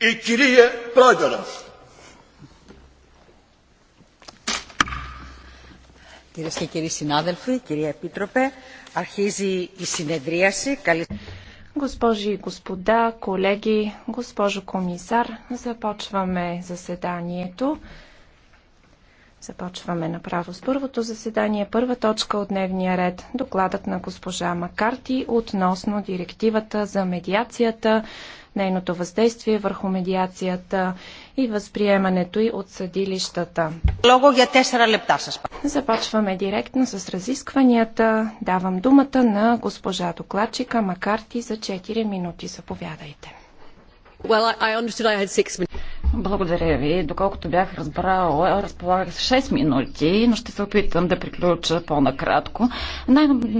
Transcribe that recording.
и Кирия Прагоров. Κυρίε και κύριοι συνάδελφοι, κυρία Επίτροπε, αρχίζει η συνεδρίαση. Καλή... Госпожи и господа, колеги, госпожо комисар, започваме заседанието. Започваме направо с първото заседание. Първа точка от дневния ред. Докладът на госпожа Макарти относно директивата за медиацията, нейното въздействие върху медиацията и възприемането й от съдилищата. Започваме директно с разискванията. Давам думата на госпожа докладчика Макарти за 4 минути. Заповядайте. Well, I understood I had six minutes. Благодаря ви. Доколкото бях разбрала, разполагах с 6 минути, но ще се опитам да приключа по-накратко. Най-